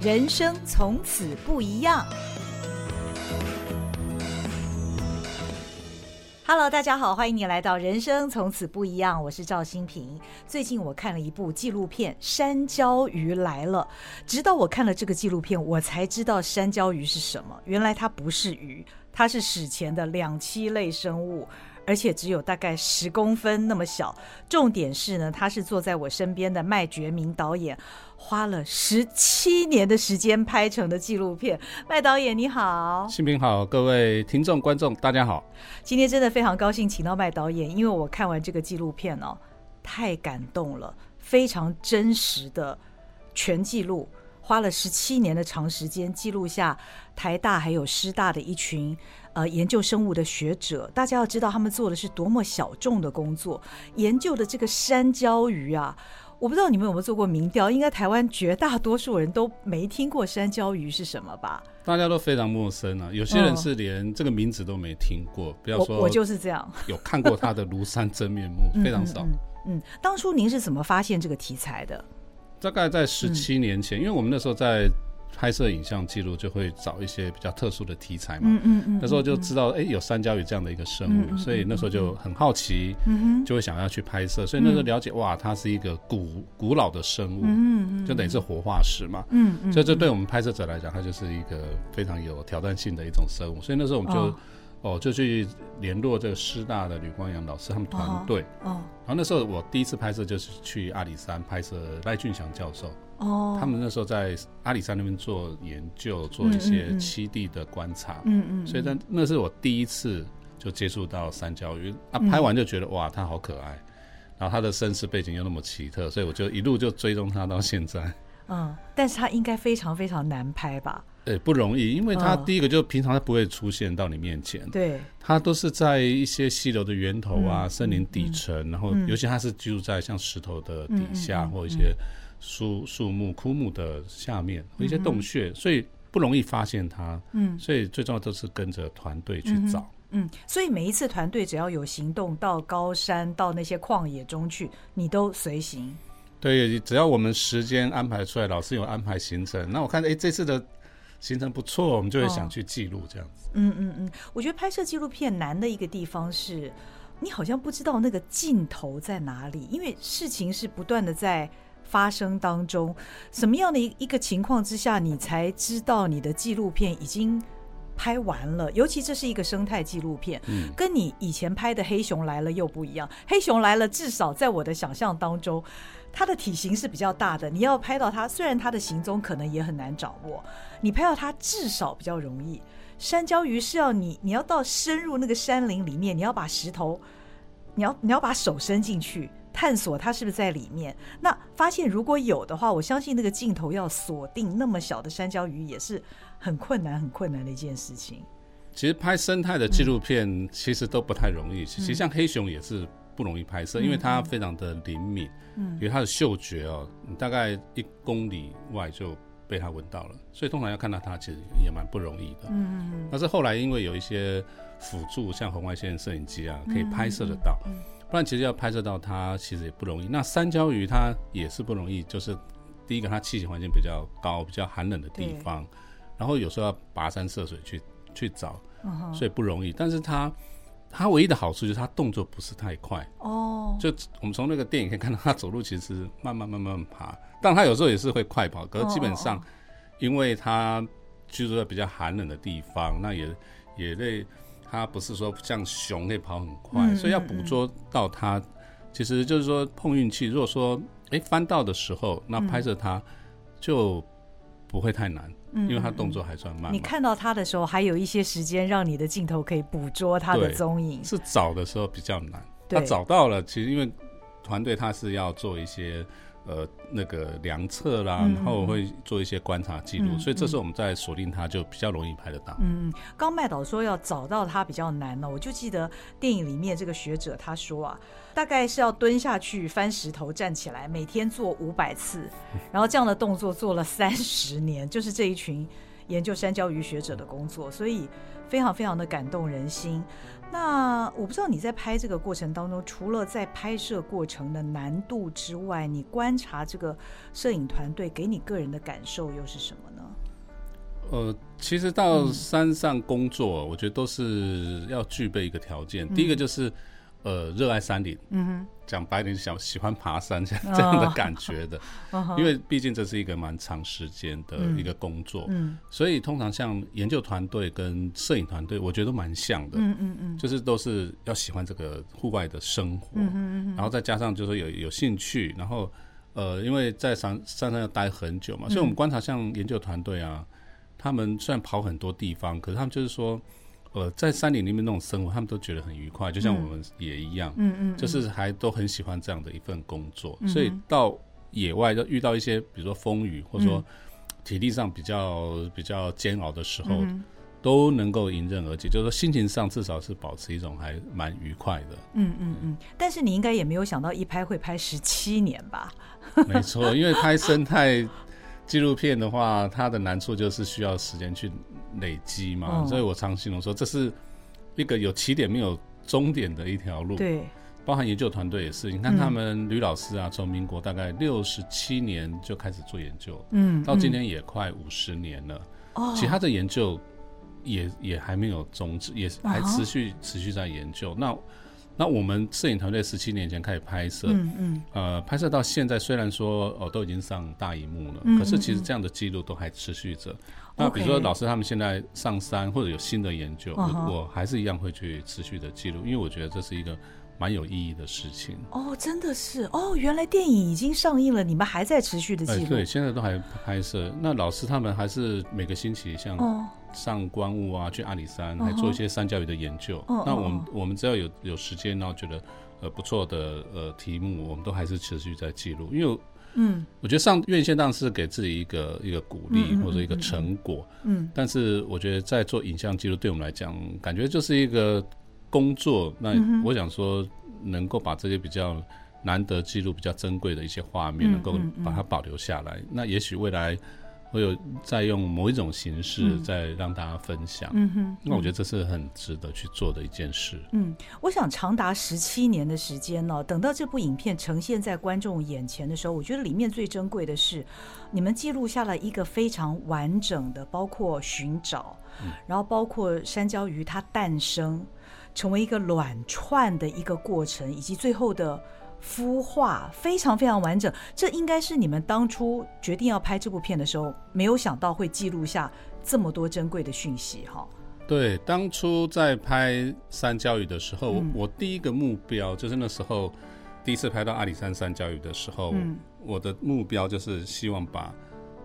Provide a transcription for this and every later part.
人生從此不一樣。Hello，大家好，歡迎你來到人生從此不一樣。我是趙心屏。最近我看了一部紀錄片《山椒魚來了》。直到我看了這個紀錄片，我才知道山椒魚是什麼。原來它不是魚，它是史前的兩棲類生物，而且只有大概十公分那麼小。重點是呢，他是坐在我身邊的麥覺明導演。花了十七年的時間拍成的紀錄片，麥導演你好，心屏好，各位聽眾觀眾大家好。今天真的非常高興請到麥導演，因為我看完這個紀錄片哦，太感動了，非常真實的全記錄，花了十七年的長時間記錄下台大還有師大的一群呃研究生物的學者。大家要知道他們做的是多麼小眾的工作，研究的這個山椒魚啊。我不知道你們有沒有做過民調，應該台灣絕大多數人都沒聽過山椒魚是什麼吧？大家都非常陌生啊。有些人是連這個名字都沒聽過。不要、哦、說我，我就是這樣，有看過他的廬山真面目 非常少嗯嗯。嗯，當初您是怎麼發現這個題材的？大概在十七年前，嗯、因為我們那時候在。拍攝影像記錄就會找一些比較特殊的題材嘛、嗯，嗯嗯、那時候就知道哎、嗯欸、有山椒魚這樣的一個生物，嗯嗯嗯、所以那時候就很好奇，嗯嗯、就會想要去拍攝，所以那時候了解、嗯、哇，它是一個古古老的生物，嗯嗯、就等於是活化石嘛，嗯嗯、所以這對我們拍攝者來講，它就是一個非常有挑戰性的一種生物，所以那時候我們就哦，哦就去聯絡這個師大的呂光洋老師他們團隊，哦，哦，然後那時候我第一次拍攝就是去阿里山拍攝賴俊祥教授。哦，oh, 他們那時候在阿里山那邊做研究，做一些棲地的觀察，嗯嗯，嗯嗯，所以但那是我第一次就接觸到山椒魚、嗯、啊，拍完就覺得哇，嗯、它好可愛，然後它的身世背景又那麼奇特，所以我就一路就追蹤它到現在。嗯，但是它應該非常非常難拍吧？對、欸，不容易，因為它第一個就平常它不會出現到你面前，對、嗯，嗯、它都是在一些溪流的源頭啊，嗯、森林底層，然後尤其它是居住在像石頭的底下、嗯嗯嗯、或一些。樹樹木枯木的下面和一些洞穴，所以不容易發現它。嗯，所以最重要都是跟着團隊去找嗯嗯。嗯，所以每一次團隊只要有行動到高山到那些曠野中去，你都隨行。對，只要我們時間安排出來，老師有安排行程。那我看，哎、欸，這次的行程不錯，我們就會想去記錄這樣子。哦、嗯嗯嗯，我覺得拍攝紀錄片難的一個地方是，你好像不知道那個盡頭在哪裡，因為事情是不斷的在。發生當中，什麼樣的一一個情況之下，你才知道你的紀錄片已經拍完了？尤其這是一個生態紀錄片，跟你以前拍的《黑熊來了》又不一樣。《黑熊來了》至少在我的想象當中，它的體型是比較大的，你要拍到它，雖然它的行蹤可能也很難掌握，你拍到它至少比較容易。山椒魚是要你，你要到深入那個山林裡面，你要把石頭，你要你要把手伸進去。探索它是不是在裡面？那發現如果有的話，我相信那個鏡頭要鎖定那麼小的山椒魚也是很困難、很困難的一件事情。其實拍生態的紀錄片其實都不太容易。嗯、其實像黑熊也是不容易拍攝，嗯、因為它非常的靈敏，因為、嗯嗯、它的嗅覺哦，你大概一公里外就被它聞到了，所以通常要看到它其實也蠻不容易的。嗯嗯。但是後來因為有一些輔助，像紅外線攝影機啊，可以拍攝得到。嗯嗯不然其實要拍攝到它其實也不容易。那山椒魚它也是不容易，就是第一個它棲息環境比較高、比較寒冷的地方，對然後有時候要跋山涉水去去找，所以不容易。Uh huh. 但是它它唯一的好處就是它動作不是太快哦，oh. 就我們從那個電影可以看到它走路其實慢慢慢慢爬，但它有時候也是會快跑。可是基本上，因為它居住在比較寒冷的地方，那也也累。它不是說像熊可以跑很快，嗯嗯嗯，所以要捕捉到它，其實就是說碰運氣。如果說哎、欸、翻到的時候，那拍攝它就不會太難，嗯嗯，因為它動作還算慢。你看到它的時候，還有一些時間讓你的鏡頭可以捕捉它的蹤影。是找的時候比較難，它對找到了，其實因為團隊它是要做一些。呃，那個量測啦，然後會做一些觀察記錄，嗯，所以這時候我們在鎖定它就比較容易拍得到。嗯，剛麥導說要找到它比較難呢，哦，我就記得電影裡面這個學者他說啊，大概是要蹲下去翻石頭，站起來，每天做五百次，然後這樣的動作做了三十年，就是這一群研究山椒魚學者的工作，所以非常非常的感動人心。那我不知道你在拍這個過程當中，除了在拍攝過程的難度之外，你觀察這個攝影團隊給你個人的感受又是什麼呢？呃，其實到山上工作，嗯、我覺得都是要具備一個條件。第一個就是，嗯呃，熱愛山林，嗯哼，講白點，想喜歡爬山這樣這樣的感覺的，因為畢竟這是一個蠻長時間的一個工作，所以通常像研究團隊跟攝影團隊，我覺得蠻像的，嗯嗯嗯，就是都是要喜歡這個戶外的生活，嗯嗯，然後再加上就是有有興趣，然後呃，因為在山山上要待很久嘛，所以我們觀察像研究團隊啊，他們雖然跑很多地方，可是他們就是說。呃，在山裡那邊那種生活，他們都覺得很愉快，就像我們也一樣，嗯嗯，就是還都很喜歡這樣的一份工作，所以到野外就遇到一些，比如說風雨，或者說體力上比較比較煎熬的時候，都能夠迎刃而解，就是說心情上至少是保持一種還蠻愉快的，嗯嗯嗯。嗯、但是你應該也沒有想到一拍會拍十七年吧？沒錯，因為拍生態紀錄片的話，它的難處就是需要時間去。累積嘛，所以我常形容說，這是一個有起點沒有終點的一條路。對，包含研究團隊也是，你看他們呂老師啊，從、嗯、民國大概六十七年就開始做研究，嗯，到今天也快五十年了。哦、嗯，其他的研究也、哦、也還沒有終止，也還持續、啊哦、持續在研究。那那我們攝影團隊十七年前開始拍攝，嗯嗯，呃，拍攝到現在，雖然說哦都已經上大熒幕了，可是其實這樣的記錄都還持續着。那比如說老師他們現在上山或者有新的研究，我還是一樣會去持續的記錄，因為我覺得這是一個。蠻有意義的事情哦，oh, 真的是哦，oh, 原來電影已經上映了，你們還在持續的記錄。哎、對，現在都還拍攝。那老師他們還是每個星期像上觀霧啊，去阿里山、oh. 還做一些山椒魚的研究。Oh. Oh. Oh. 那我們我們只要有有時間呢、啊，覺得呃不錯的呃題目，我們都還是持續在記錄。因為嗯，我覺得上院線檔是給自己一個一個鼓勵嗯嗯嗯嗯或者一個成果。嗯,嗯，但是我覺得在做影像記錄，對我們來講，感覺就是一個。工作，那我想說，能夠把這些比較難得記錄、比較珍貴的一些畫面，能夠把它保留下來，嗯嗯嗯嗯、那也許未來會有再用某一種形式再讓大家分享。嗯哼，嗯嗯嗯，那我覺得這是很值得去做的一件事。嗯，我想長達十七年的時間呢、哦，等到這部影片呈現在觀眾眼前的時候，我覺得裡面最珍貴的是你們記錄下了一個非常完整的，包括尋找，嗯、然後包括山椒魚它誕生，成為一個卵串的一個過程，以及最後的孵化，非常非常完整。這應該是你們當初決定要拍這部片的時候，沒有想到會記錄下這麼多珍貴的訊息，哈。對，當初在拍山椒魚的時候，嗯、我第一個目標就是那時候第一次拍到阿里山山椒魚的時候，嗯、我的目標就是希望把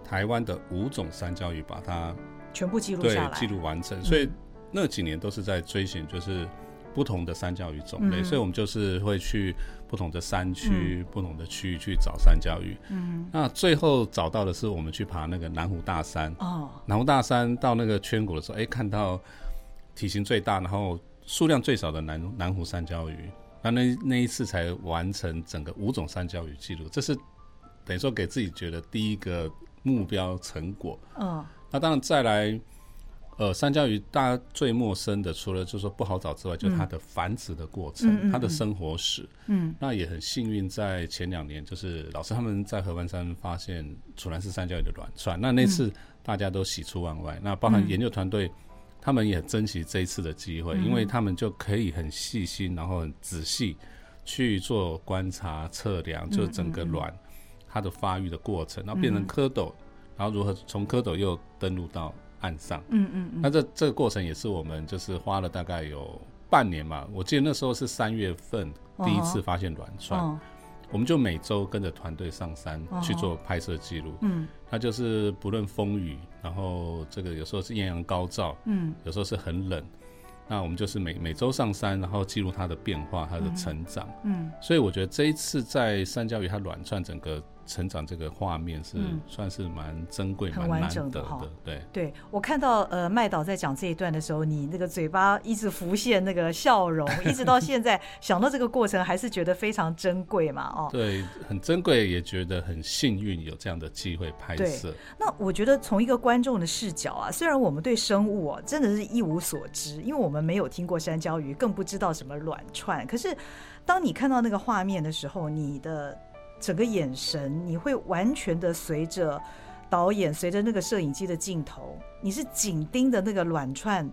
台灣的五種山椒魚把它全部記錄下來，對，記錄完整，所以、嗯。那幾年都是在追尋，就是不同的山椒魚種類，嗯、哼所以我們就是會去不同的山區、嗯、哼不同的區域去找山椒魚。嗯哼，那最後找到的是我們去爬那個南湖大山。哦，南湖大山到那個圈谷的時候，哎、欸，看到體型最大、然後數量最少的南南湖山椒魚。那那那一次才完成整個五種山椒魚記錄，這是等於說給自己覺得第一個目標成果。嗯、哦，那當然再來。呃，山椒魚大家最陌生的，除了就是說不好找之外，就是它的繁殖的過程，嗯、它的生活史。嗯，嗯嗯，那也很幸運，在前兩年，就是老師他們在合歡山發現楚南氏山椒魚的卵串。那那次大家都喜出望外，嗯、那包含研究團隊，嗯、他們也很珍惜這一次的機會，嗯、因為他們就可以很細心，然後很仔細去做觀察、測量，就整個卵它的發育的過程，嗯、然後變成蝌蚪，然後如何從蝌蚪又登陸到。岸上，嗯嗯那這這個過程也是我們就是花了大概有半年嘛，我記得那時候是三月份、哦、第一次發現卵串，哦、我們就每周跟着團隊上山去做拍攝記錄，嗯，它就是不論風雨，然後這個有時候是豔陽高照，嗯，有時候是很冷，那我們就是每每周上山，然後記錄它的變化，它的成長，嗯，嗯所以我覺得這一次在山椒魚它卵串整個。成長這個畫面是算是蠻珍貴、蠻、嗯、完整的。蠻難得的對。對我看到呃麥導在講這一段的時候，你那個嘴巴一直浮現那個笑容。 一直到現在想到這個過程，還是覺得非常珍貴嘛？哦，對，很珍貴，也覺得很幸運有這樣的機會拍攝。那我覺得從一個觀眾的視角啊，雖然我們對生物啊真的是一無所知，因為我們沒有聽過山椒魚，更不知道什麼卵串，可是當你看到那個畫面的時候，你的。整個眼神，你會完全的隨着導演，隨着那個攝影機的鏡頭，你是緊盯着那個卵串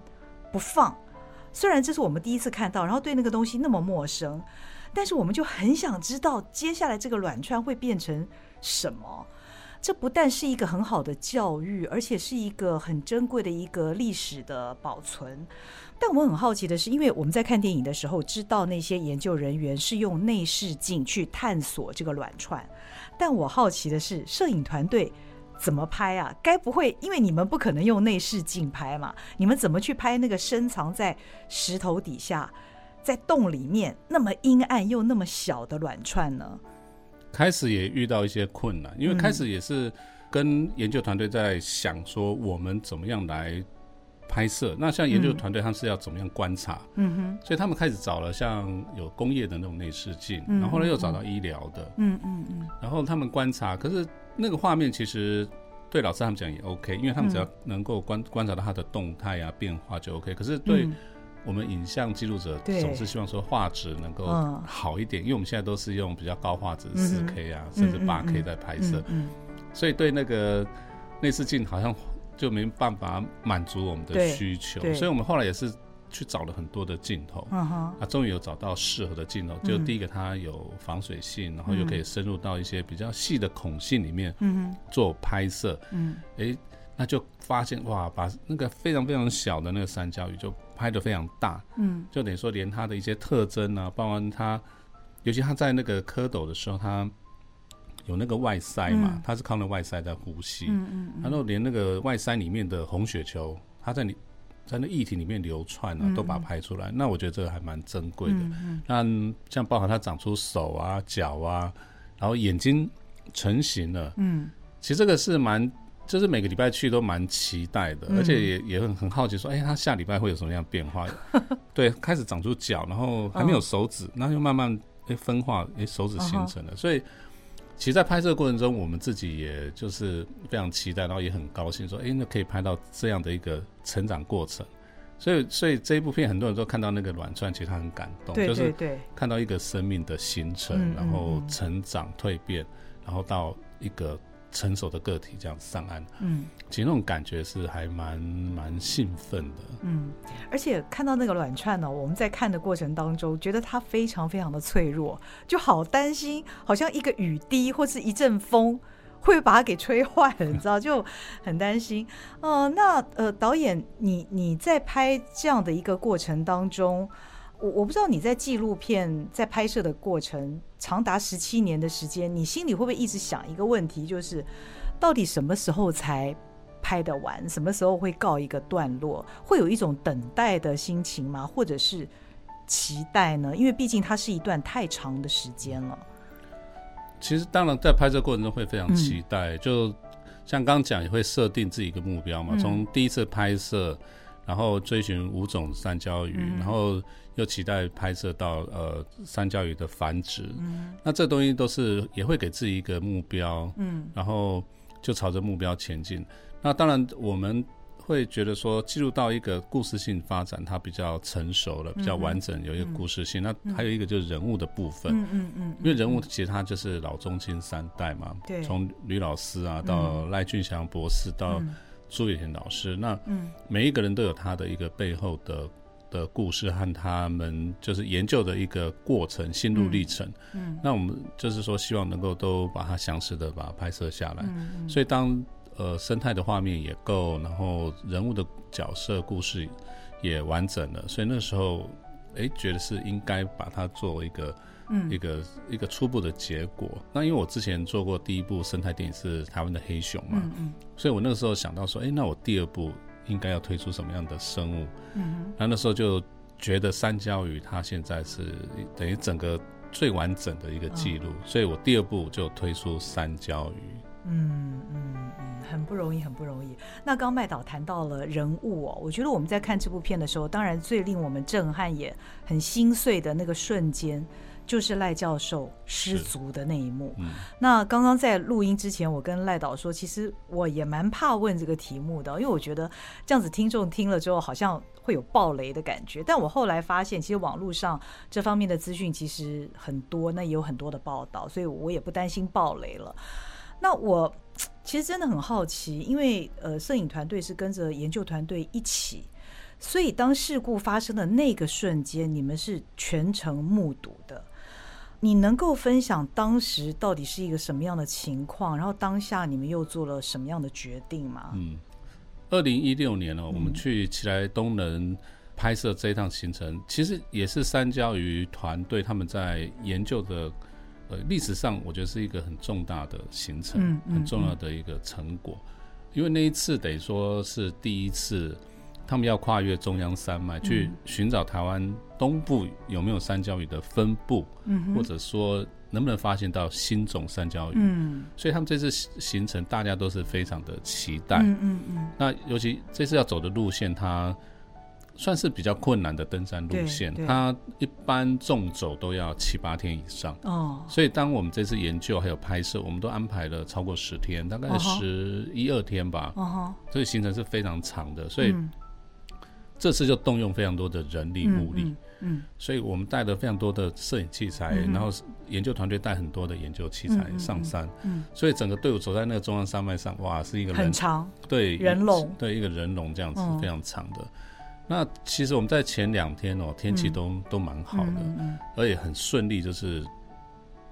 不放。雖然這是我們第一次看到，然後對那個東西那麼陌生，但是我們就很想知道接下來這個卵串會變成什麼。這不但是一個很好的教育，而且是一個很珍貴的一個歷史的保存。但我很好奇的是，因為我們在看電影的時候知道那些研究人員是用內視鏡去探索這個卵串，但我好奇的是，攝影團隊怎麼拍啊？該不會因為你們不可能用內視鏡拍嘛？你們怎麼去拍那個深藏在石頭底下、在洞裡面那麼陰暗又那麼小的卵串呢？開始也遇到一些困難，因為開始也是跟研究團隊在想說，我們怎麼樣來。拍攝，那像研究團隊，他們是要怎麼樣觀察？嗯哼。所以他們開始找了像有工業的那種內視鏡，嗯、哼然後呢又找到醫療的嗯。嗯嗯嗯。然後他們觀察，可是那個畫面其實對老師他們講也 OK，因為他們只要能夠觀、嗯、觀察到它的動態啊變化就 OK。可是對我們影像記錄者，對、總是希望說畫質能夠好一點，哦、因為我們現在都是用比較高畫質四 K 啊，嗯、哼甚至八 K 在拍攝，嗯嗯嗯，所以對那個內視鏡好像。就沒辦法滿足我們的需求，所以我們後來也是去找了很多的鏡頭，啊，終於有找到適合的鏡頭。就第一個，它有防水性，然後又可以深入到一些比較細的孔隙裡面做拍攝。嗯，哎，那就發現哇，把那個非常非常小的那個山椒魚就拍得非常大。嗯，就等於說連它的一些特徵啊，包括它，尤其它在那個蝌蚪的時候，它。有那個外鰓嘛？嗯、它是靠那外鰓在呼吸。嗯嗯，然後連那個外鰓裡面的紅血球，它在你，在那液體裡面流竄啊，嗯、都把它排出來。那我覺得這個還蠻珍貴的。嗯嗯。那、嗯、像包含它長出手啊、腳啊，然後眼睛成型了。嗯。其實這個是蠻，就是每個禮拜去都蠻期待的，嗯、而且也也很很好奇說，說哎，它下禮拜會有什麼樣的變化？呵呵對，開始長出腳，然後還沒有手指，那、哦、又慢慢誒、哎、分化，誒、哎、手指形成了，哦、所以。其實，在拍攝過程中，我們自己也就是非常期待，然後也很高興，說：“哎，那可以拍到這樣的一個成長過程。”所以，所以這一部片很多人都看到那個卵串，其實他很感動，就是看到一個生命的形成，然後成長、蛻變，然後到一個。成熟的個體這樣上岸，嗯，其實那種感覺是還蠻蠻興奮的，嗯，而且看到那個卵串呢、哦，我們在看的過程當中，覺得它非常非常的脆弱，就好擔心，好像一個雨滴或是一陣風會把它給吹壞了， 你知道，就很擔心。哦、呃，那呃，導演，你你在拍這樣的一個過程當中。我不知道你在紀錄片在拍攝的過程長達十七年的時間，你心裡會不會一直想一個問題，就是到底什麼時候才拍得完，什麼時候會告一個段落，會有一種等待的心情嗎，或者是期待呢？因為畢竟它是一段太長的時間了。其實，當然在拍攝過程中會非常期待，嗯、就像剛剛講，也會設定自己一個目標嘛，從第一次拍攝。然後追尋五種山椒魚，嗯、然後又期待拍攝到呃山椒魚的繁殖，嗯、那這東西都是也會給自己一個目標，嗯，然後就朝着目標前進。那當然我們會覺得說進入到一個故事性發展，它比較成熟了，嗯、比較完整，有一個故事性。嗯、那還有一個就是人物的部分，嗯嗯，嗯因為人物其實它就是老中青三代嘛，對、嗯，嗯、從呂老師啊到賴俊祥博士、嗯、到。朱偉田老師，那每一個人都有他的一個背後的、嗯、的故事和他們就是研究的一個過程，心路歷程嗯。嗯，那我們就是說希望能夠都把它詳實的把它拍攝下來。嗯，嗯，所以當呃生態的畫面也夠，然後人物的角色故事也完整了，所以那時候哎、欸、覺得是應該把它作為一個。嗯，一個一個初步的結果。那因為我之前做過第一部生態電影是台灣的黑熊嘛，嗯，嗯所以我那個時候想到說，哎、欸，那我第二部應該要推出什麼樣的生物？嗯那那時候就覺得山椒魚它現在是等於整個最完整的一個記錄，哦、所以我第二部就推出山椒魚。嗯嗯嗯，很不容易，很不容易。那剛麥導談到了人物、哦，我覺得我們在看這部片的時候，當然最令我們震撼也很心碎的那個瞬間。就是賴教授失足的那一幕。嗯、那剛剛在錄音之前，我跟賴導說，其實我也蠻怕問這個題目的，因為我覺得這樣子聽眾聽了之後，好像會有爆雷的感覺。但我後來發現，其實網絡上這方面的資訊其實很多，那也有很多的報道，所以我也不擔心爆雷了。那我其實真的很好奇，因為呃，攝影團隊是跟着研究團隊一起，所以當事故發生的那個瞬間，你們是全程目睹的。你能夠分享當時到底是一個什麼樣的情況，然後當下你們又做了什麼樣的決定嗎？嗯，二零一六年呢、喔，嗯、我們去奇萊東稜拍攝這一趟行程，其實也是山椒魚團隊他們在研究的，呃，歷史上我覺得是一個很重大的行程，嗯嗯嗯、很重要的一個成果，因為那一次等於說是第一次。他們要跨越中央山脈去尋找台灣東部有沒有山椒魚的分布，或者說能不能發現到新種山椒魚。所以他們這次行程大家都是非常的期待。嗯嗯，那尤其這次要走的路線，它算是比較困難的登山路線，它一般縱走都要七八天以上。哦，所以當我們這次研究還有拍攝，我們都安排了超過十天，大概十一二天吧。這個行程是非常長的，所以。嗯這次就動用非常多的人力物力，嗯，所以我們帶了非常多的攝影器材，然後研究團隊帶很多的研究器材上山，嗯，所以整個隊伍走在那個中央山脈上，哇，是一個很長，對，人龍，對，一個人龍這樣子非常長的。那其實我們在前兩天哦，天氣都都蠻好的，而且很順利，就是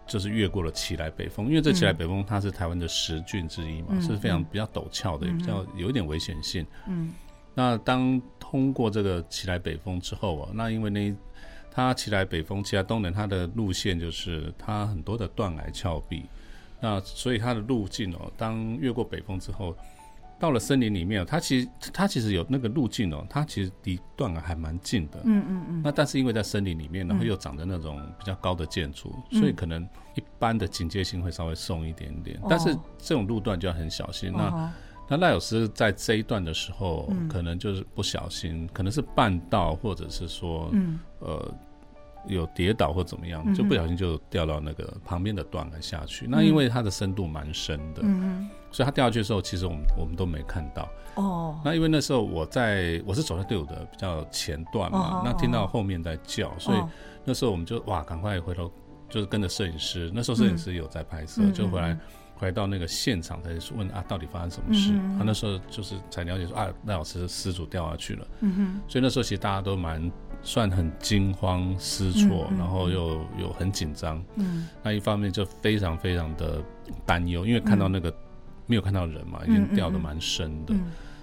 就是越過了奇萊北峰，因為這奇萊北峰它是台灣的十峻之一嘛，是非常比較陡峭的，也比較有一點危險性，嗯。那當通過這個奇萊北峰之後啊，那因為呢，它奇萊北峰奇萊東稜它的路線就是它很多的斷崖峭壁，那所以它的路徑哦，當越過北峰之後，到了森林裡面，它其實它其實有那個路徑哦，它其實離斷崖還蠻近的。嗯嗯嗯。那但是因為在森林裡面，然後又長着那種比較高的建築，嗯嗯嗯嗯，所以可能一般的警戒性，會稍微鬆一點點，但是這種路段就要很小心。哦、那。哦那賴有斯在這一段的時候，可能就是不小心，可能是絆倒，或者是說，呃，有跌倒或怎麼樣，就不小心就掉到那個旁邊的段了下去。那因為它的深度蠻深的，所以他掉下去的時候，其實我們我們都沒看到。哦，那因為那時候我在我是走在隊伍的比較前段嘛，那聽到後面在叫，所以那時候我們就哇，趕快回頭，就是跟着攝影師。那時候攝影師有在拍攝，就回來。回到那個現場才問啊，到底發生什麼事？啊，那時候就是才了解說啊，賴老師失主掉下去了。嗯哼。所以那時候其實大家都蠻算很驚慌失措，然後又有很緊張。嗯。那一方面就非常非常的擔憂，因為看到那個沒有看到人嘛，已經掉的蠻深的。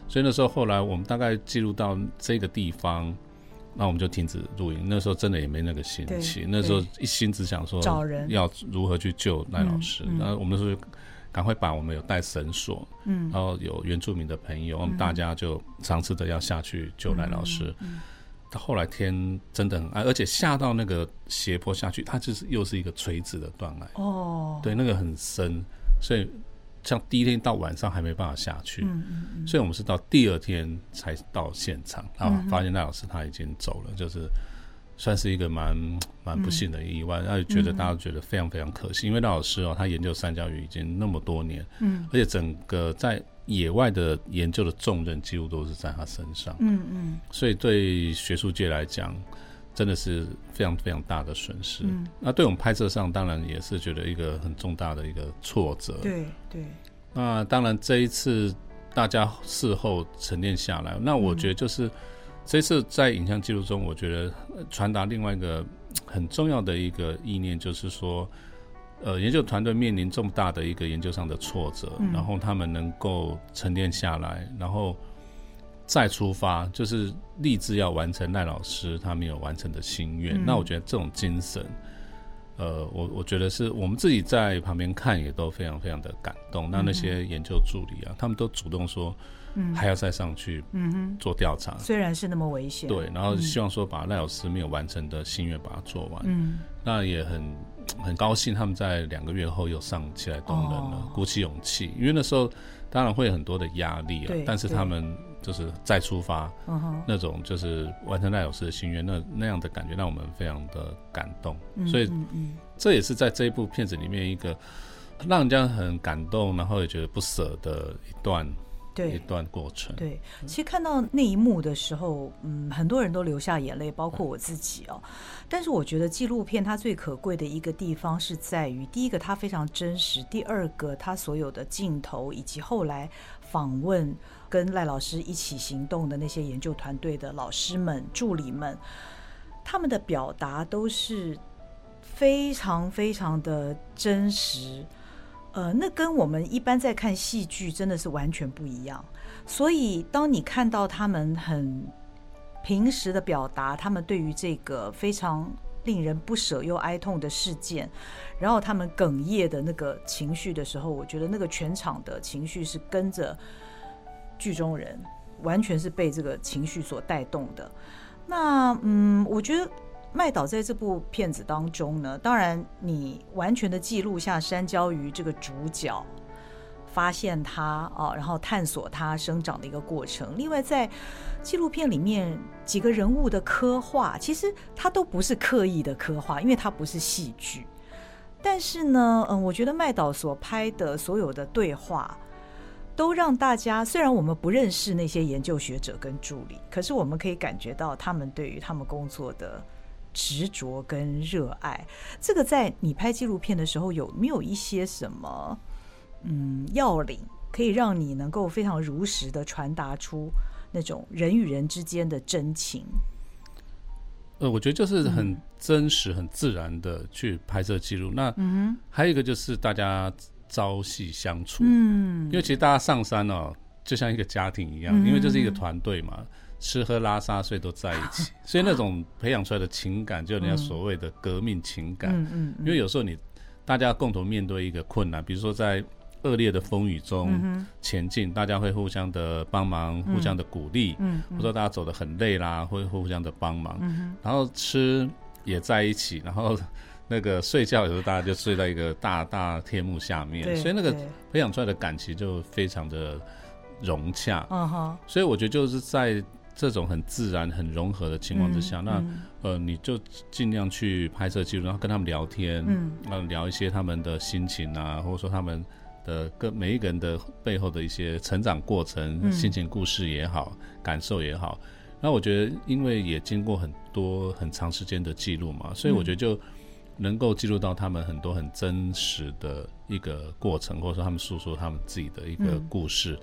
所以那時候後來我們大概記錄到這個地方，那我們就停止錄音。那時候真的也沒那個心情，那時候一心只想說找人，要如何去救賴老師。然後我們是。趕快把我們有帶繩索，嗯，然後有原住民的朋友，嗯、我們大家就嘗試着要下去救賴老師。嗯，嗯嗯到後來天真的很暗，而且下到那個斜坡，下去，它就是又是一個垂直的斷崖。哦，對，那個很深，所以像第一天到晚上還沒辦法下去，嗯嗯嗯、所以我們是到第二天才到現場，然後發現賴老師他已經走了，嗯、就是。算是一個蠻蠻不幸的意外，那、嗯啊、覺得大家都覺得非常非常可惜，嗯、因為老師哦，他研究山椒魚已經那麼多年，嗯，而且整個在野外的研究的重任幾乎都是在他身上，嗯嗯，嗯所以對學術界來講，真的是非常非常大的損失。嗯、那對我們拍攝上當然也是覺得一個很重大的一個挫折，對對。對那當然這一次大家事後沉澱下來，那我覺得就是。嗯這次在影像記錄中，我覺得傳達另外一個很重要的一個意念，就是說，呃，研究團隊面臨這麼大的一個研究上的挫折，然後他們能夠沉澱下來，然後再出發，就是立志要完成賴老師他沒有完成的心願。那我覺得這種精神，呃，我我覺得是我們自己在旁邊看也都非常非常的感動。那那些研究助理啊，他們都主動說。還要再上去，嗯哼，做調查，雖然是那麼危險，對，然後希望說把賴老師沒有完成的心願把它做完，嗯，那也很很高興，他們在兩個月後又上起來動人了，哦、鼓起勇氣，因為那時候當然會有很多的壓力了、啊，對但是他們就是再出發，那種就是完成賴老師的心願，嗯、那那樣的感覺讓我們非常的感動，嗯、所以這也是在這一部片子裡面一個讓人家很感動，然後也覺得不舍的一段。對，一段過程。對，其實看到那一幕的時候，嗯，很多人都流下眼淚，包括我自己哦。嗯、但是我覺得紀錄片它最可貴的一個地方是在於，第一個它非常真實，第二個它所有的鏡頭以及後來訪問跟賴老師一起行動的那些研究團隊的老師們、嗯、助理們，他們的表達都是非常非常的真實。呃，那跟我們一般在看戲劇真的是完全不一樣。所以，當你看到他們很平實的表達，他們對於這個非常令人不捨又哀痛的事件，然後他們哽咽的那個情緒的時候，我覺得那個全場的情緒是跟着劇中人，完全是被這個情緒所帶動的。那嗯，我覺得。麥導在這部片子當中呢，當然你完全的記錄下山椒魚這個主角，發現它啊、哦，然後探索它生長的一個過程。另外，在紀錄片裡面幾個人物的刻畫，其實它都不是刻意的刻畫，因為它不是戲劇。但是呢，嗯，我覺得麥導所拍的所有的對話，都讓大家雖然我們不認識那些研究學者跟助理，可是我們可以感覺到他們對於他們工作的。執着跟熱愛，這個在你拍紀錄片的時候有沒有一些什麼嗯要領，可以讓你能夠非常如實的傳達出那種人與人之間的真情？呃，我覺得就是很真實、嗯、很自然的去拍攝記錄。那嗯，還有一個就是大家朝夕相處，嗯，因為其實大家上山呢、哦、就像一個家庭一樣，嗯、因為這是一個團隊嘛。吃喝拉撒睡都在一起，所以那種培養出來的情感，就人家所謂的革命情感。嗯嗯。因為有時候你大家共同面對一個困難，比如說在惡劣的風雨中前進，大家會互相的幫忙，互相的鼓勵。嗯嗯。比如說大家走得很累啦，會互相的幫忙。嗯。然後吃也在一起，然後那個睡覺有時候大家就睡在一個大大天幕下面。所以那個培養出來的感情就非常的融洽。嗯哈。所以我覺得就是在。這種很自然、很融合的情況之下，那呃，你就盡量去拍攝記錄，然後跟他們聊天，嗯，聊一些他們的心情啊，或者說他們的個每一個人的背後的一些成長過程、心情故事也好、感受也好。那我覺得，因為也經過很多很長時間的記錄嘛，所以我覺得就能夠記錄到他們很多很真實的一個過程，或者說他們訴說他們自己的一個故事。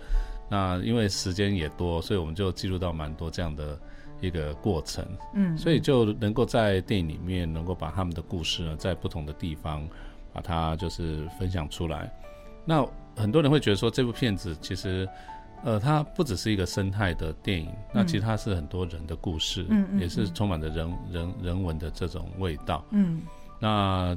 那因為時間也多，所以我們就記錄到蠻多這樣的一個過程，嗯，所以就能夠在電影裡面能夠把他們的故事呢，在不同的地方把它就是分享出來。那很多人會覺得說，這部片子其實，呃，它不只是一個生態的電影，嗯，那其實它是很多人的故事，嗯，嗯嗯也是充滿着人人人文的這種味道，嗯。那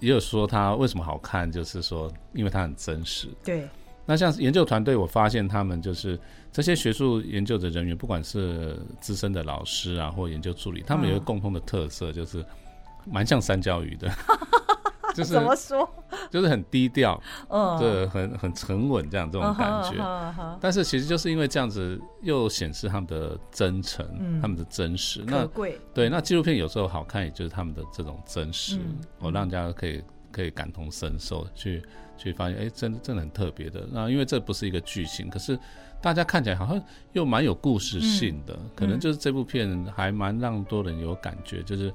也有說它為什麼好看，就是說因為它很真實，對。那像研究團隊，我發現他們就是這些學術研究的人員，不管是資深的老師啊，或研究助理，他們有一個共同的特色，就是蠻像山椒魚的，就是怎麼說，就是很低調，對，很很沉穩這樣這種感覺。但是其實就是因為這樣子，又顯示他們的真誠，他們的真實。那貴。對，那紀錄片有時候好看，也就是他們的這種真實，我讓大家可以。可以感同身受，去去發現，哎、欸，真的真的很特別的。那、啊、因為這不是一個劇情，可是大家看起來好像又蠻有故事性的，嗯、可能就是這部片還蠻讓多人有感覺，嗯、就是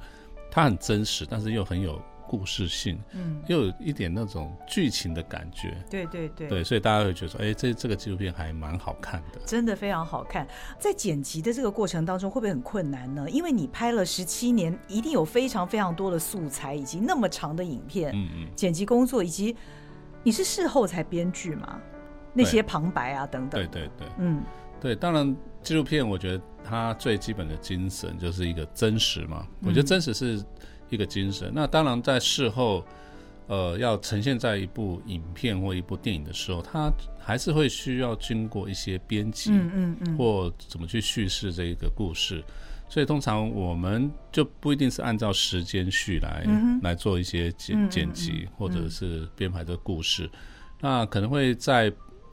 它很真實，但是又很有。故事性，嗯，又有一點那種劇情的感覺，對對對，對，所以大家會覺得說，哎，這這個紀錄片還蠻好看的，真的非常好看。在剪輯的這個過程當中，會不會很困難呢？因為你拍了十七年，一定有非常非常多的素材，以及那麼長的影片，嗯嗯，剪輯工作以及你是事後才編劇嗎，那些旁白啊對等等，對對對，嗯，對，當然紀錄片，我覺得它最基本的精神就是一個真實嘛，嗯、我覺得真實是。一個精神，那當然在事後，呃，要呈現在一部影片或一部電影的時候，它還是會需要經過一些編輯、嗯，嗯嗯或怎麼去敘事這個故事，所以通常我們就不一定是按照時間序來、嗯、哼來做一些剪剪輯、嗯嗯嗯、或者是編排的故事，那可能會在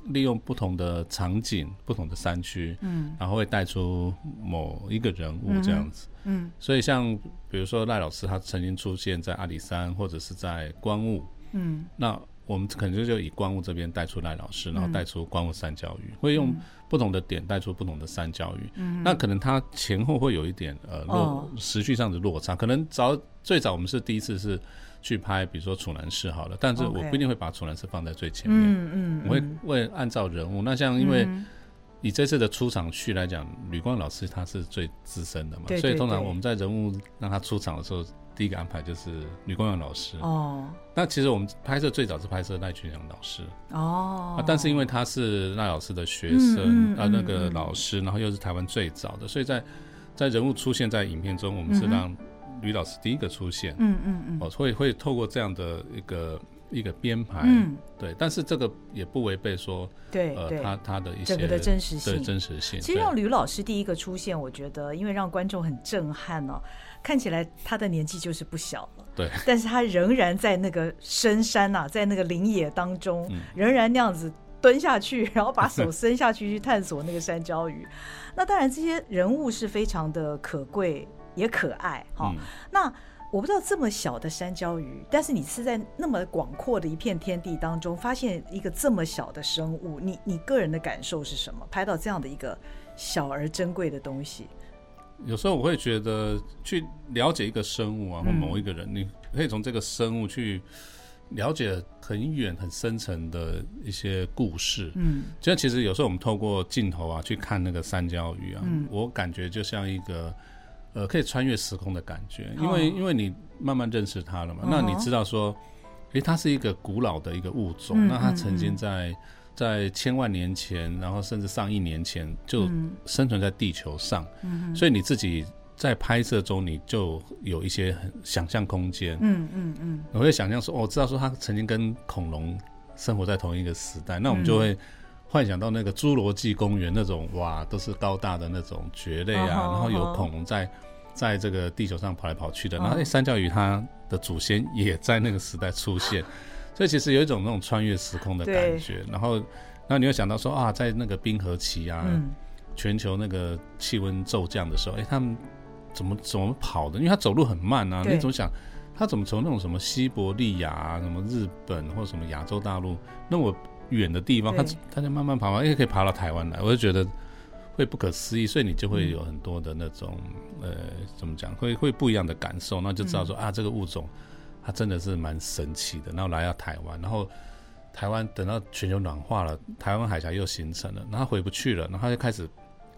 利用不同的場景、不同的山區，嗯，然後會帶出某一個人物這樣子。嗯嗯，所以像比如說賴老師，他曾經出現在阿里山或者是在觀霧，嗯，那我們肯定就以觀霧這邊帶出賴老師，嗯、然後帶出觀霧山椒魚，嗯、會用不同的點帶出不同的山椒魚。嗯，那可能他前後會有一點呃落、哦、時序上的落差，可能早最早我們是第一次是去拍，比如說楚南氏好了，但是我不一定會把楚南氏放在最前面，嗯嗯，嗯嗯我會會按照人物。那像因為。嗯以這次的出場序來講，呂光陽老師他是最資深的嘛，對對對，所以通常我們在人物讓他出場的時候，第一個安排就是呂光陽老師。哦，那其實我們拍攝最早是拍攝賴群陽老師。哦、啊，但是因為他是賴老師的學生，他、嗯嗯嗯嗯啊、那個老師，然後又是台灣最早的，所以在在人物出現在影片中，我們是讓呂老師第一個出現。嗯，嗯嗯嗯，會、哦、會透過這樣的一個。一個編排，嗯，對，但是這個也不違背說，對，呃，他他的一整個的真實性、真實性。其實讓呂老師第一個出現，對我覺得，因為讓觀眾很震撼呢、喔，看起來他的年紀就是不小了，對，但是他仍然在那個深山吶、啊，在那個林野當中，嗯、仍然那樣子蹲下去，然後把手伸下去去探索那個山椒魚。 那當然，這些人物是非常的可貴，也可愛哈。那、喔。嗯我不知道這麼小的山椒魚，但是你是在那麼廣闊的一片天地當中，發現一個這麼小的生物，你你個人的感受是什麼？拍到這樣的一個小而珍貴的東西。有時候我會覺得去了解一個生物啊，或某一個人，你可以從這個生物去了解很遠很深層的一些故事。嗯，就像其實有時候我們透過鏡頭啊去看那個山椒魚啊，我感覺就像一個。呃，可以穿越時空的感覺，因為因為你慢慢認識它了嘛，哦、那你知道說，誒，它是一個古老的一個物種，嗯、那它曾經在在千萬年前，然後甚至上億年前就生存在地球上，嗯、所以你自己在拍攝中，你就有一些想象空間，嗯嗯嗯，嗯嗯我會想象說，我、哦、知道說它曾經跟恐龍生活在同一個時代，那我們就會。嗯幻想到那個侏羅紀公園那種哇，都是高大的那種蕨類啊，oh, oh, oh. 然後有恐龍在，在這個地球上跑來跑去的。Oh. 然後誒、欸，山椒魚它的祖先也在那個時代出現，oh. 所以其實有一種那種穿越時空的感覺。對然後，那你又想到說啊，在那個冰河期啊，嗯、全球那個氣溫驟降的時候，哎、欸，他們怎麼怎麼跑的？因為他走路很慢啊。對你總想？他怎麼從那種什麼西伯利亞、啊、什麼日本或什麼亞洲大陸？那我。遠的地方，它它，對就慢慢爬嘛，因為可以爬到台灣來，我就覺得會不可思議，所以你就會有很多的那種、嗯、呃，怎麼講，會會不一樣的感受，那就知道說、嗯、啊，這個物種它真的是蠻神奇的。然後來到台灣，然後台灣等到全球暖化了，台灣海峽又形成了，然後回不去了，然後他就開始，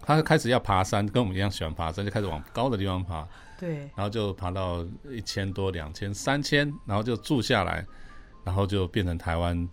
它就開始要爬山，跟我們一樣喜歡爬山，就開始往高的地方爬，對，然後就爬到一千多、兩千、三千，然後就住下來，然後就變成台灣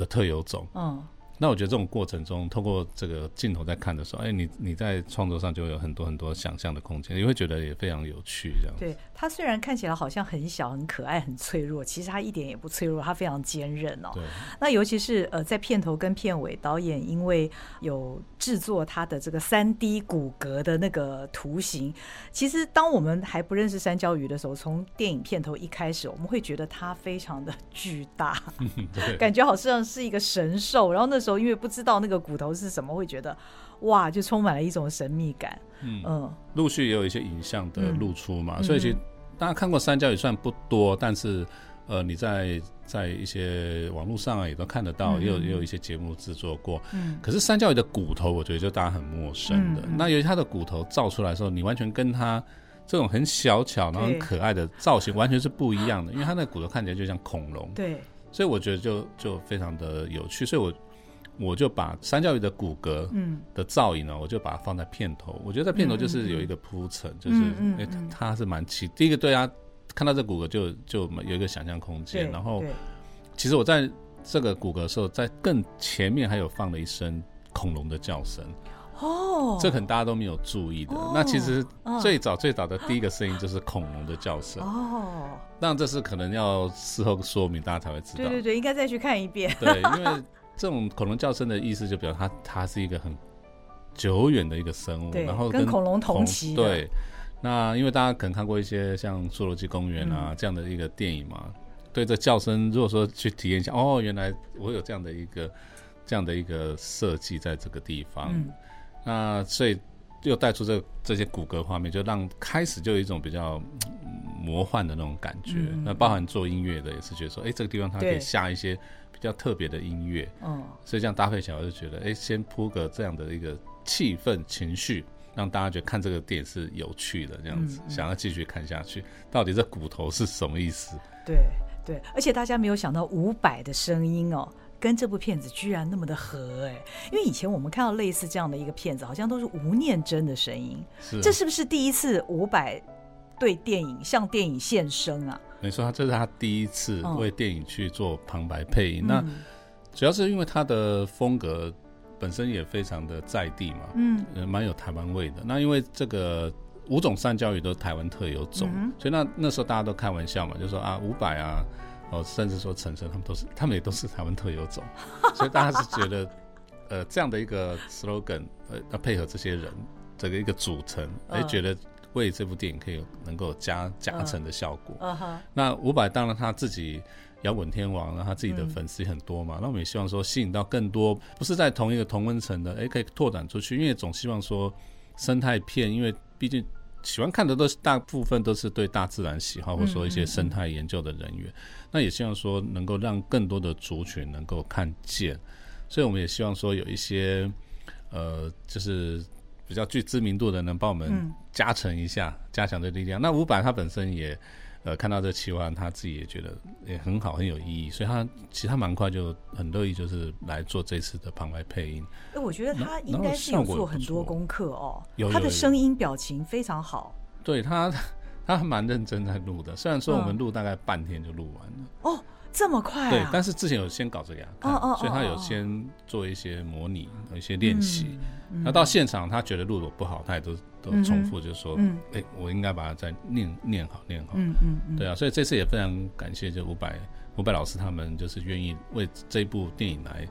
的特有種。嗯。那我覺得這種過程中，透過這個鏡頭在看的時候，哎，你你在創作上就有很多很多想象的空間，你會覺得也非常有趣，這樣子。對，它雖然看起來好像很小、很可愛、很脆弱，其實它一點也不脆弱，它非常堅韌哦。對那尤其是呃，在片頭跟片尾，導演因為有製作它的這個三 D 骨骼的那個圖形，其實當我們還不認識山椒魚的時候，從電影片頭一開始，我們會覺得它非常的巨大，嗯、對感覺好像是一個神獸，然後那時候。因為不知道那個骨頭是什麼，會覺得哇，就充滿了一種神秘感。嗯，嗯陸續也有一些影像的露出嘛，嗯、所以其實大家看過山椒魚，算不多，嗯、但是呃，你在在一些網絡上啊也都看得到，嗯、也有也有一些節目制作過。嗯，可是山椒魚的骨頭，我覺得就大家很陌生的。嗯、那尤其它的骨頭造出來的時候，你完全跟它這種很小巧、然後很可愛的造型完全是不一樣的，對因為它那骨頭看起來就像恐龍。對、啊，所以我覺得就就非常的有趣。所以我。我就把山椒魚的骨骼的造影呢，我就把它放在片頭。我覺得在片頭就是有一個鋪陳，就是因為它是蠻奇。第一個對它、啊、看到這骨骼就就有一個想象空間。然後其實我在這個骨骼的時候，在更前面還有放了一聲恐龍的叫聲。哦，這可能大家都沒有注意的。那其實最早最早的第一個聲音就是恐龍的叫聲。哦，那這是可能要事後說明大家才會知道。對對對，應該再去看一遍。對，因為。 這種恐龍叫聲的意思，就表示它它是一個很久遠的一個生物，對然後跟，跟恐龍同期。對，那因為大家可能看過一些像《侏羅紀公園》啊、嗯、這樣的一個電影嘛，對這叫聲，如果說去體驗一下，哦，原來我有這樣的一個這樣的一個設計在這個地方，嗯、那所以又帶出這這些骨骼畫面，就讓開始就有一種比較、嗯、魔幻的那種感覺。嗯、那包含做音樂的也是覺得說，哎，這個地方它可以下一些。比較特別的音樂，嗯，所以這樣搭配起來我就覺得，哎、欸，先鋪個這樣的一個氣氛情緒，讓大家覺得看這個電影是有趣的這樣子，嗯嗯、想要繼續看下去。到底這骨頭是什麼意思？對對，而且大家沒有想到五百的聲音哦，跟這部片子居然那麼的合哎、欸，因為以前我們看到類似這樣的一個片子，好像都是吳念真的聲音，是，這是不是第一次五百？對電影，向電影獻聲啊！沒錯，他這是他第一次為電影去做旁白配音。哦嗯、那主要是因為他的風格本身也非常的在地嘛，嗯，也蠻有台灣味的。那因為這個五種山椒魚都是台灣特有種，嗯、哼所以那那時候大家都開玩笑嘛，就說啊，伍佰啊、哦，甚至說陳升他們都是，他們也都是台灣特有種，所以大家是覺得 呃這樣的一個 slogan，呃，要配合這些人這個一個組成，也、呃呃、覺得。為這部電影可以能夠加加成的效果。哦哦、那伍佰當然他自己搖滾天王，然後他自己的粉絲也很多嘛，嗯、那我們也希望說吸引到更多不是在同一個同溫層的，哎，可以拓展出去，因為總希望說生態片，因為畢竟喜歡看的都是大部分都是對大自然喜好或者說一些生態研究的人員，嗯、那也希望說能夠讓更多的族群能夠看見，所以我們也希望說有一些，呃，就是。比較具知名度的能幫我們加成一下，嗯、加強這力量。那伍佰他本身也，呃，看到這企劃，他自己也覺得也很好，很有意義，所以他其實他蠻快就很樂意就是來做這次的旁白配音。呃，我覺得他應該是有做很多功課哦，他的聲音表情非常好。有有有有對他，他蠻認真在錄的，雖然說我們錄大概半天就錄完了。嗯、哦。這麼快啊！對，但是之前有先搞這個，哦哦，所以他有先做一些模擬、哦、一些練習，那、嗯嗯、到現場他覺得錄的不好，他也都都重複就說，嗯，嗯，哎、欸，我應該把它再念念好，念好，嗯嗯，嗯嗯對啊，所以這次也非常感謝，就伍佰伍佰老師他們就是願意為這部電影來。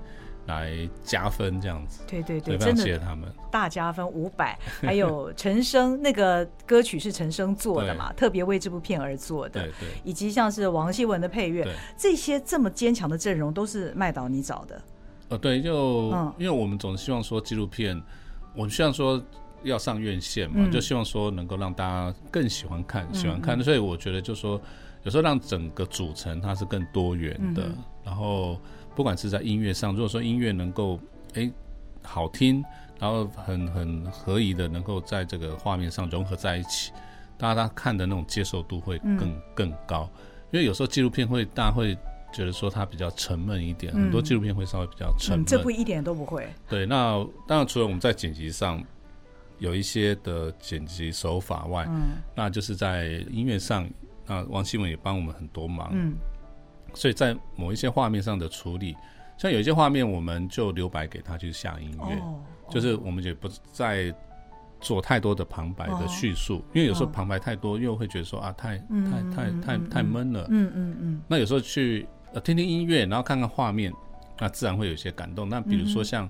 來加分這樣子，對對對，真的，謝謝他們大加分五百，500，還有陳昇 那個歌曲是陳昇做的嘛，對對對，特別為這部片而做的，對對，以及像是王希文的配樂，對這些這麼堅強的陣容都是麥導你找的？呃，對，就、嗯、因為我們總是希望說紀錄片，我們希望說要上院線嘛，嗯、就希望說能夠讓大家更喜歡看，喜歡看，嗯嗯、所以我覺得就是說有時候讓整個組成它是更多元的，嗯、然後。不管是在音樂上，如果說音樂能夠誒、欸、好聽，然後很很合宜的能夠在這個畫面上融合在一起，大家看的那種接受度會更、嗯、更高。因為有時候紀錄片會大家會覺得說它比較沉悶一點，嗯、很多紀錄片會稍微比較沉悶。嗯嗯。這部一點都不會。對，那當然除了我們在剪輯上有一些的剪輯手法外，嗯、那就是在音樂上，那王希文也幫我們很多忙。嗯。所以在某一些畫面上的處理，像有一些畫面，我們就留白給他去下音樂，就是我們也不再做太多的旁白的敘述，因為有時候旁白太多又會覺得說啊，太、太、太、太太悶了。嗯嗯嗯。那有時候去呃聽聽音樂，然後看看畫面，那自然會有一些感動。那比如說像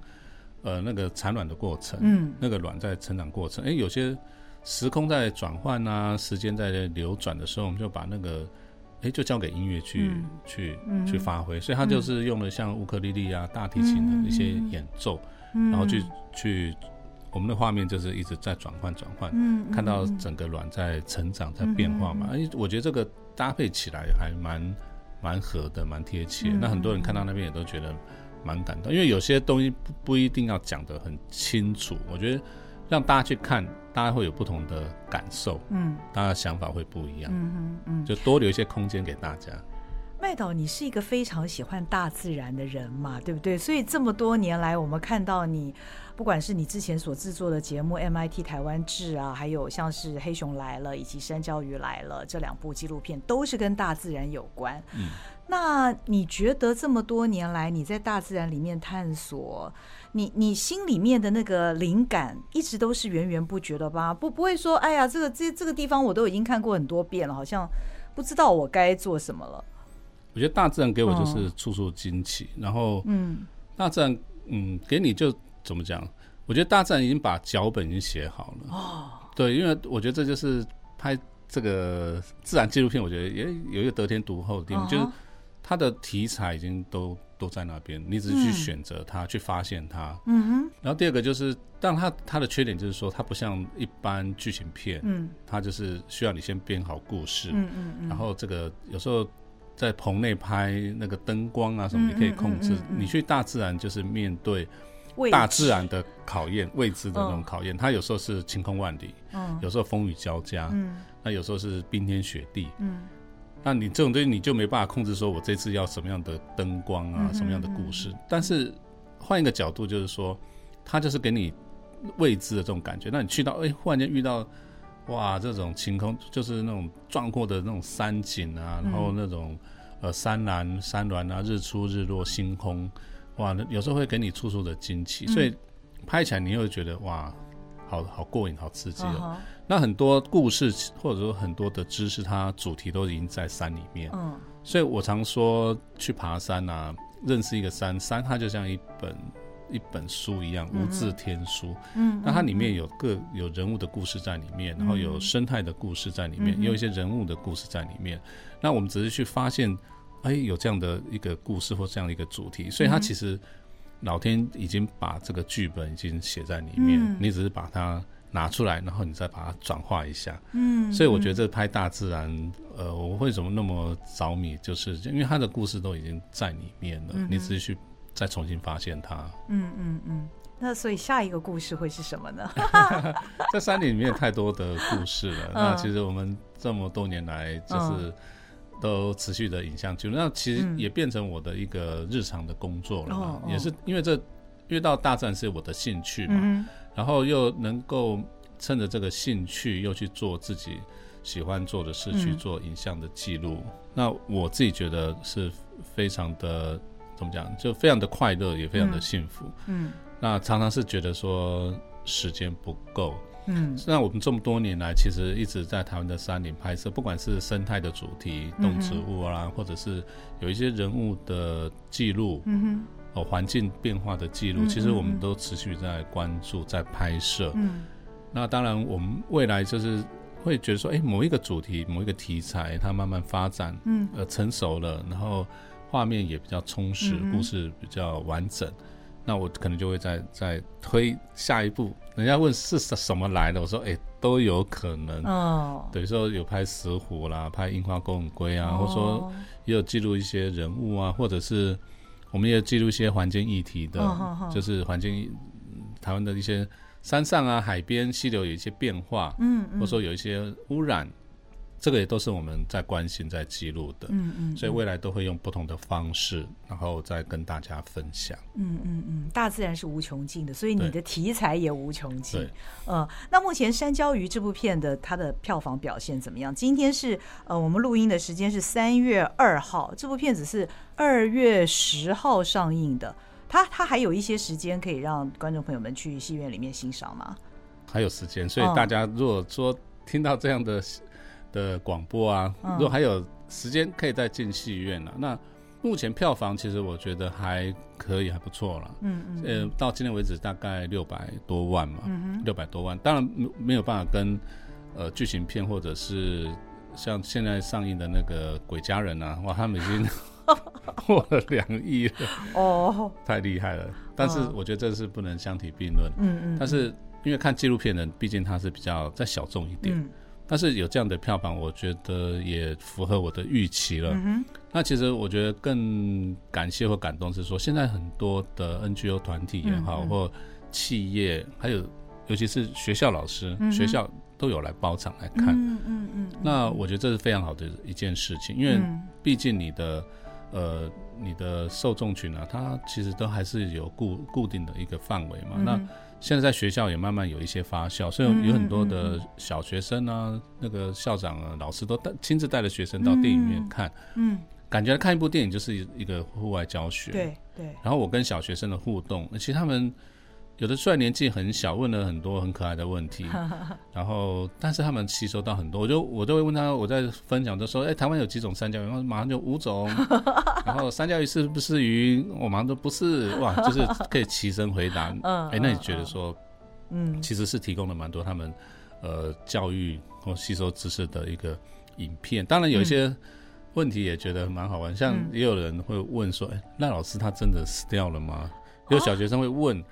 呃那個產卵的過程，嗯，那個卵在成長過程，誒，有些時空在轉換啊，時間在流轉的時候，我們就把那個。欸、就交給音樂去、嗯、去、嗯、去發揮，所以他就是用了像烏克麗麗啊、嗯、大提琴的一些演奏，嗯、然後去、嗯、去我們的畫面就是一直在轉換轉換，嗯嗯、看到整個卵在成長在變化嘛、欸。我覺得這個搭配起來還蠻蠻合的，蠻貼切。嗯、那很多人看到那邊也都覺得蠻感動，因為有些東西不不一定要講得很清楚，我覺得。讓大家去看，大家會有不同的感受，嗯，大家的想法會不一樣，嗯哼嗯，就多留一些空間給大家。麥導，你是一個非常喜歡大自然的人嘛，對不對？所以這麼多年來，我們看到你，不管是你之前所製作的節目《MIT 台灣志》啊，還有像是《黑熊來了》以及《山椒魚來了》這兩部紀錄片，都是跟大自然有關，嗯。那你覺得這麼多年來，你在大自然裡面探索，你你心裡面的那個靈感一直都是源源不絕的吧？不不會說，哎呀，這個這這個地方我都已經看過很多遍了，好像不知道我該做什麼了。我覺得大自然給我就是處處驚奇，哦、然後嗯，大自然嗯，嗯給你就怎麼講？我覺得大自然已經把腳本已經寫好了哦。對，因為我覺得這就是拍這個自然紀錄片，我覺得也有一個得天獨厚的地方，哦、就是。它的題材已經都都在那邊，你只是去選擇它，嗯、去發現它。嗯哼。然後第二個就是，但它它的缺點就是說，它不像一般劇情片，嗯，它就是需要你先編好故事，嗯嗯嗯。然後這個有時候在棚內拍那個燈光啊什麼，你可以控制，你去大自然就是面對大自然的考驗，未知的那種考驗。它有時候是晴空萬里，嗯、哦，有時候風雨交加，嗯，那有時候是冰天雪地，嗯。那你這種東西你就沒辦法控制，說我這次要什麼樣的燈光啊，什麼樣的故事。但是換一個角度就是說，它就是給你未知的這種感覺。那你去到，哎，忽然間遇到，哇，這種晴空就是那種壯闊的那種山景啊，然後那種呃山巒、山巒啊，日出、日落、星空，哇，那有時候會給你處處的驚奇，所以拍起來你又覺得哇。好好過癮，好刺激哦。Uh huh. 那很多故事或者說很多的知識，它主題都已經在山裡面。嗯、uh huh. 所以我常說去爬山啊，認識一個山，山它就像一本一本書一樣，無字天書。嗯、uh huh. 那它裡面有個有人物的故事在裡面，uh huh. 然後有生態的故事在裡面，也、uh huh. 有一些人物的故事在裡面。Uh huh. 那我們只是去發現，哎，有這樣的一個故事或這樣的一個主題，所以它其實、uh。Huh. 老天已經把這個劇本已經寫在裡面，嗯、你只是把它拿出來，然後你再把它轉化一下。嗯，所以我覺得這拍大自然，嗯、呃，我為什麼那麼着迷，就是因為它的故事都已經在裡面了，嗯、哼你只是去再重新發現它。嗯嗯嗯。那所以下一個故事會是什麼呢？在 山裡面也太多的故事了。嗯、那其實我們這麼多年來就是、嗯。都持續的影像記錄，那其實也變成我的一個日常的工作了，嗯哦哦、也是因為這遇到大自然是我的興趣嘛，嗯、然後又能夠趁着這個興趣，又去做自己喜歡做的事，去做影像的記錄。嗯、那我自己覺得是非常的怎麼講，就非常的快樂，也非常的幸福。嗯，嗯那常常是覺得說時間不夠。嗯，那我們這麼多年來，其實一直在台灣的山林拍攝，不管是生態的主題、動植物啊，嗯、或者是有一些人物的記錄，嗯哼，嗯哦，環境變化的記錄，嗯嗯、其實我們都持續在關注，在拍攝。嗯，那當然，我們未來就是會覺得說，哎，某一個主題、某一個題材，它慢慢發展，嗯，呃，成熟了，然後畫面也比較充實，嗯、故事比較完整。那我可能就會再再推下一步。人家問是什麼來的，我說誒、欸、都有可能。哦，等於說有拍石虎啦，拍櫻花鉤吻鮭啊，oh. 或者說也有記錄一些人物啊，或者是我們也記錄一些環境議題的，oh. Oh. 就是環境台灣的一些山上啊、海邊溪流有一些變化，嗯，oh. oh. 或者說有一些污染。Oh. 嗯這個也都是我們在關心、在記錄的嗯，嗯嗯，所以未來都會用不同的方式，然後再跟大家分享嗯。嗯嗯嗯，大自然是無窮盡的，所以你的題材也無窮盡。嗯、呃，那目前《山椒魚》這部片的它的票房表現怎麼樣？今天是呃，我們錄音的時間是三月二號，這部片子是二月十號上映的，它它還有一些時間可以讓觀眾朋友們去戲院裡面欣賞嗎？還有時間，所以大家如果說、嗯、聽到這樣的。的廣播啊，如果還有時間可以再進戲院啊。哦、那目前票房其實我覺得還可以，還不錯啦。嗯嗯，嗯。到今天為止大概六百多萬嘛，六百，嗯、哼多萬。當然沒有辦法跟呃劇情片或者是像現在上映的那個《鬼家人》啊，哇，他們已經過 了兩億了。哦。太厲害了！但是我覺得這是不能相提並論。嗯嗯，嗯。但是因為看紀錄片的畢竟他是比較在小眾一點。嗯。但是有這樣的票房，我覺得也符合我的預期了，嗯哼。那其實我覺得更感謝或感動是說，現在很多的 NGO 團體也好，嗯哼，或企業，還有尤其是學校老師，嗯哼、學校都有來包場來看嗯哼。嗯嗯嗯。那我覺得這是非常好的一件事情，因為畢竟你的呃你的受眾群啊，它其實都還是有固固定的一個範圍嘛，嗯哼。那現在在學校也慢慢有一些發酵，所以有很多的小學生啊，嗯嗯、那個校長、啊、老師都帶親自帶着學生到電影院看嗯，嗯，感覺看一部電影就是一個戶外教學，對對。對，然後我跟小學生的互動，其實他們。有的雖然年紀很小，問了很多很可愛的問題， 然後但是他們吸收到很多，我就我都會問他，我在分享的時候，哎，台灣有幾種山椒魚，馬上就五種， 然後山椒魚是不是魚？我馬上說不是，哇，就是可以齊聲回答。哎， 那你覺得說， 嗯，其實是提供了蠻多他們呃教育或吸收知識的一個影片。當然有一些問題也覺得蠻好玩， 嗯、像也有人會問說，哎，賴老師他真的死掉了嗎？有小學生會問。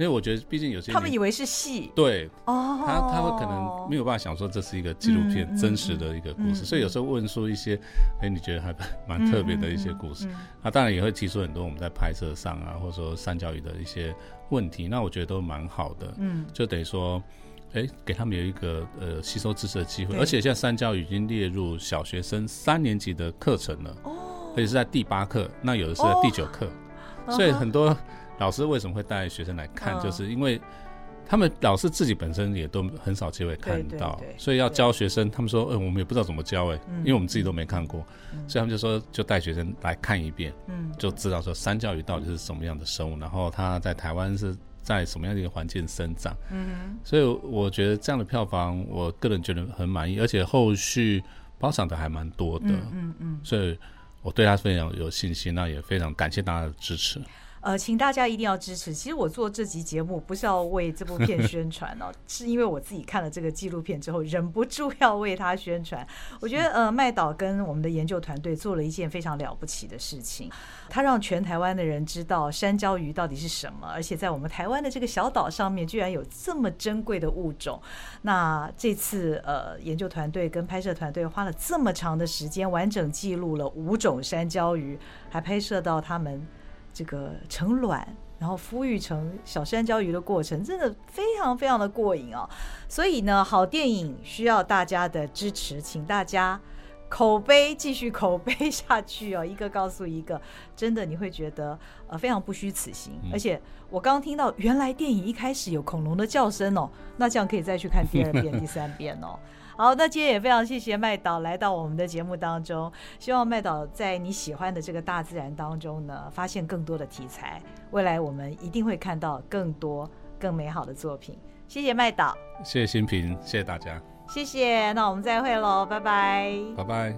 因為我覺得，畢竟有些他們以為是戲，對哦，他他們可能沒有辦法想說這是一個紀錄片真實的一個故事，所以有時候問出一些，誒，你覺得還蠻特別的一些故事，啊，那當然也會提出很多我們在拍攝上啊，或者說山椒魚的一些問題，那我覺得都蠻好的，嗯，就等於說，誒，給他們有一個呃吸收知識的機會，而且現在山椒魚已經列入小學生三年級的課程了，哦，而是在第八課，那有的是在第九課，所以很多。老師為什麼會帶學生來看？哦、就是因為他們老師自己本身也都很少機會看到，對對對對，所以要教學生，對對對對，他們說：“嗯，我們也不知道怎麼教哎、欸，因為我們自己都沒看過。”所以他們就說：“就帶學生來看一遍，嗯，就知道說山椒魚到底是什麼樣的生物，然後他在台灣是在什麼樣的一個環境生長。”嗯，所以我覺得這樣的票房，我個人覺得很滿意，而且後續包場的還蠻多的，嗯嗯，所以我對他非常有信心，那也非常感謝大家的支持。呃，請大家一定要支持。其實我做這集節目不是要為這部片宣傳哦、啊， 是因為我自己看了這個紀錄片之後，忍不住要為它宣傳。我覺得，呃，麥導跟我們的研究團隊做了一件非常了不起的事情，他讓全台灣的人知道山椒魚到底是什麼，而且在我們台灣的這個小島上面，居然有這麼珍貴的物種。那這次，呃，研究團隊跟拍攝團隊花了這麼長的時間，完整記錄了五種山椒魚，還拍攝到他們。這個成卵，然後孵育成小山椒魚的過程，真的非常非常的過癮哦。所以呢，好電影需要大家的支持，請大家口碑繼續口碑下去哦。一個告訴一個，真的你會覺得呃非常不虛此行。嗯、而且我剛聽到，原來電影一開始有恐龍的叫聲哦，那這樣可以再去看第二遍， 第三遍哦。好，那今天也非常謝謝麥導來到我們的節目當中。希望麥導在你喜歡的這個大自然當中呢，發現更多的題材。未來我們一定會看到更多更美好的作品。謝謝麥導，謝謝心屏，謝謝大家，謝謝。那我們再會嘍，拜拜，拜拜。